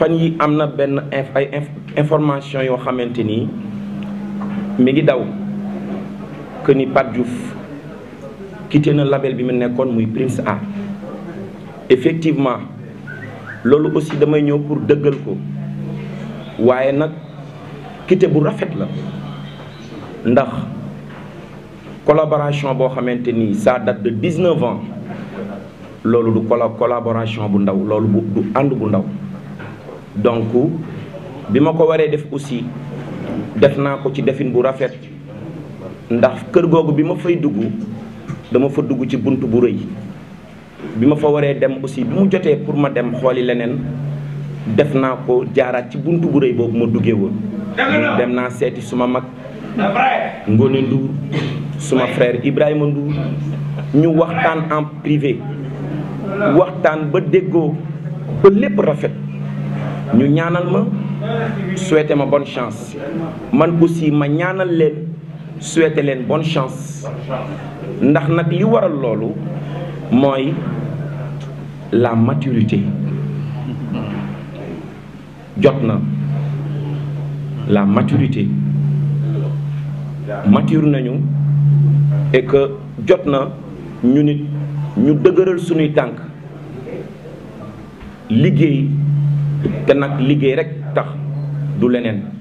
fan amna ben na information yo xamanteni mi ngi daw que ni Pape Diouf quitté na label bi mu nekkoon muy Prince A effectivement loolu aussi damay ñëw pour dëggal ko waaye nak quitté bu rafet la ndax collaboration bo xamanteni ça date de 19 ans loolu du collaboration bu ndaw loolu du ànd bu ndaw donc bima que ko waré def aussi def ci defin bu rafet ndax keur gogou bima fay suis dama fa je aussi dem lenen. def n'a ci je bu reuy ma dem n'a séti suma mak suma frère Ibrahima Ndour ñu en privé waxtaan ba lépp rafet ñu ñaanal ma souhaité ma bonne chance man aussi ma ñaanal souhaité leen bonne chance ndax nak li waral lolu moy la maturité Jotna, la maturité mature nañu et que Jotna, na ñu nit ñu suñuy tank. liggéey te nag liggéey rek tax du leneen